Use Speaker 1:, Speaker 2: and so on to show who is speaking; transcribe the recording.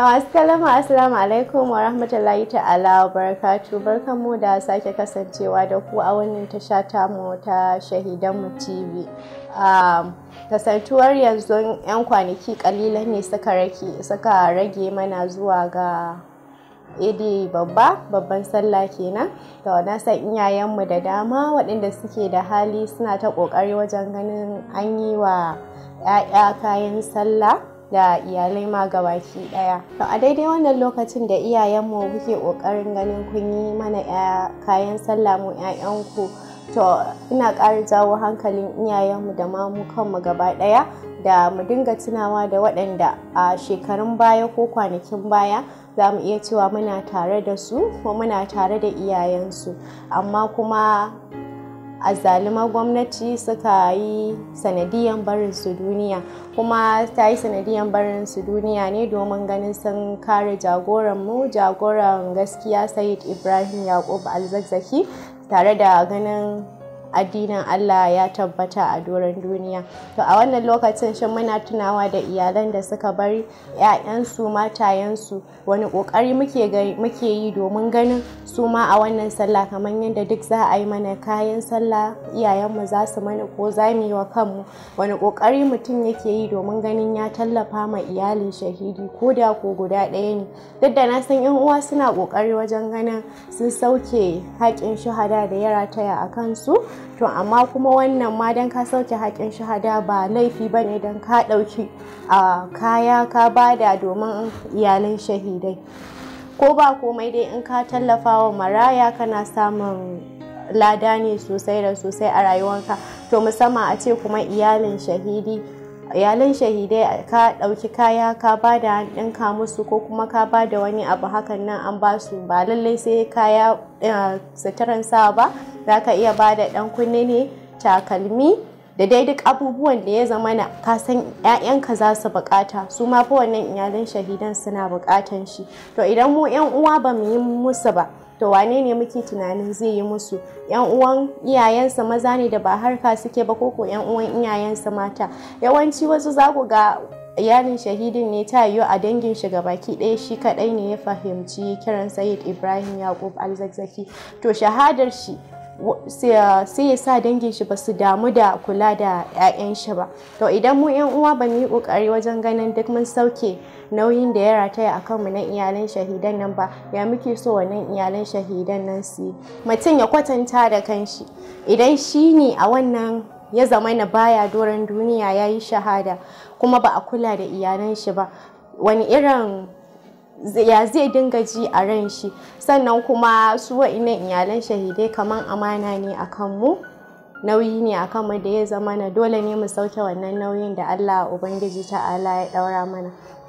Speaker 1: Assalamu assalamu alaikum wa rahmatullahi ta'ala wa barakatu barkanmu da sake kasancewa da ku a wannan tasha mu ta shahidanmu TV. Kasantuwar yanzu 'yan kwanaki kalilan ne suka rage mana zuwa ga idi babba babban sallah kenan da na san iyayenmu da dama waɗanda suke da hali suna ta ƙoƙari wajen ganin an yi wa 'ya'ya kayan sallah da iyalai ma gabaki daya to a daidai wannan lokacin da iyayenmu kuke kokarin ganin kun yi mana kayan sallah mu 'ya'yanku to ina ƙara jawo hankalin iyayenmu da ma mu kanmu gaba daya da mu dinga tunawa da waɗanda a shekarun baya ko kwanakin baya za mu iya cewa muna tare da su ko muna tare da iyayensu amma kuma azalima gwamnati suka yi sanadiyan barin su duniya kuma ta yi sanadiyan barin su duniya ne domin ganin sun kare jagoran mu, jagoran gaskiya sayid ibrahim yakub alzazzaki tare da ganin addinin Allah ya tabbata a doron duniya to a wannan lokacin shi muna tunawa da iyalan da suka bari 'ya'yansu matayensu wani ƙoƙari muke yi domin ganin su ma a wannan sallah kamar yadda duk za a yi mana kayan sallah iyayenmu za su mana ko za mu yi wa kanmu wani ƙoƙari mutum yake yi domin ganin ya tallafa ma iyalin shahidi ko da ko guda ɗaya ne duk da na san 'yan uwa suna ƙoƙari wajen ganin sun sauke haƙƙin shahada da ya rataya a kansu to amma kuma wannan ma don ka sauke haƙin shahada ba laifi ba ne don ka ɗauki kaya ka bada domin iyalin shahidai ko ba komai dai in ka tallafa wa maraya kana samun lada ne sosai da sosai a rayuwarka? to musamman a ce kuma iyalin shahidi iyalan shahidai ka ɗauki kaya ka ba da ka musu ko kuma ka ba da wani abu hakan nan an ba su ba lallai sai kaya suturan sa ba za ka iya ba da ɗan kunne ne takalmi da dai duk abubuwan da ya zama na ka san 'ya'yanka za su bukata su ma fa wannan iyalin shahidan suna bukatan shi to idan mu 'yan uwa ba mu yi musu ba to wane ne muke tunanin zai yi musu yan uwan iyayensa maza ne da ba harka suke ba koko yan uwan iyayensa mata yawanci wasu za ku ga iyalin shahidin ne ta yiwu a dangin shi ga baki ɗaya shi kaɗai ne ya fahimci kiran sayid ibrahim yakub alzazzaki to shahadar shi sai ya sa dangin shi ba su damu da kula da 'ya'yan shi ba to idan mu 'yan uwa ba mu yi kokari wajen ganin duk mun sauke nauyin da ya rataya a kanmu na iyalan shahidan nan ba ya muke so wannan iyalan shahidan nan su mutum ya kwatanta da kanshi idan shi ne a wannan ya zama na baya doron duniya ya yi shahada kuma ba a kula da iyalan shi ba wani irin ya zai dinga ji a ran shi sannan kuma su wa'inan iyalan shahidai kamar amana ne a kanmu nauyi ne a kanmu da ya zama na dole ne mu sauke wannan nauyin da allah ubangiji ta'ala ya ɗaura mana